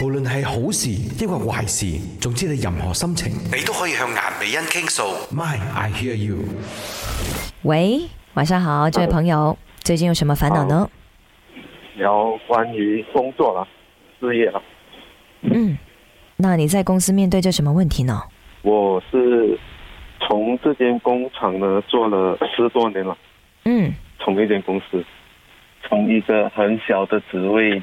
無論係好事抑或壞事，總之你任何心情，你都可以向顏美欣傾訴。My, I hear you。喂，晚上好，這位朋友，啊、最近有什麼煩惱呢、啊？聊關於工作啦，事業啦。嗯，那你在公司面對着什麼問題呢？我是從這間工廠呢做了十多年啦。嗯，從一間公司，從一個很小的職位。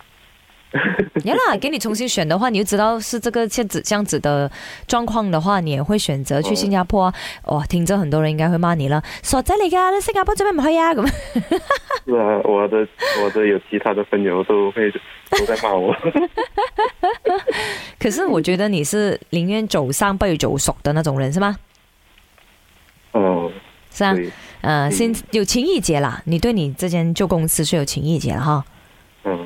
y、yeah, 啦，給你重新選的話，你就知道是這個樣子這樣子的狀況的話，你也會選擇去新加坡啊！Oh. 聽着，很多人應該會罵你了，傻仔嚟噶，你新加坡做咩唔去啊？咁是啊，我的我的有其他的朋友都會 都在罵我。 可是我覺得你是寧願走上被走熟的那種人是嗎？哦，oh, 是啊，對呃，先對有情意結啦，你對你這間舊公司是有情意結哈。嗯。Oh.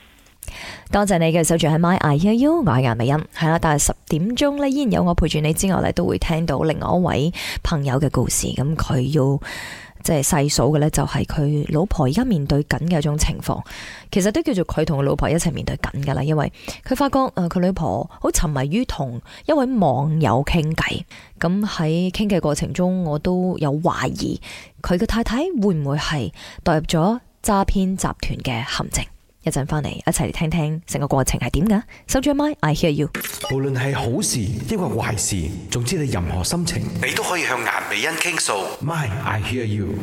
多謝你嘅手住喺 My I U 我係顏美欣係啦，但係十點鐘呢，依然有我陪住你之外呢，都會聽到另外一位朋友嘅故事。咁佢要即係細數嘅呢，就係、是、佢老婆而家面對緊嘅一種情況，其實都叫做佢同佢老婆一齊面對緊噶啦。因為佢發覺誒佢老婆好沉迷於同一位網友傾偈，咁喺傾偈過程中，我都有懷疑佢嘅太太會唔會係代入咗詐騙集團嘅陷阱。一陣翻嚟，一齊嚟聽聽成個過程係點噶？收住 MY, I hear you。無論係好事抑或壞事，總之你任何心情，你都可以向顏美欣傾訴。MY，I hear you。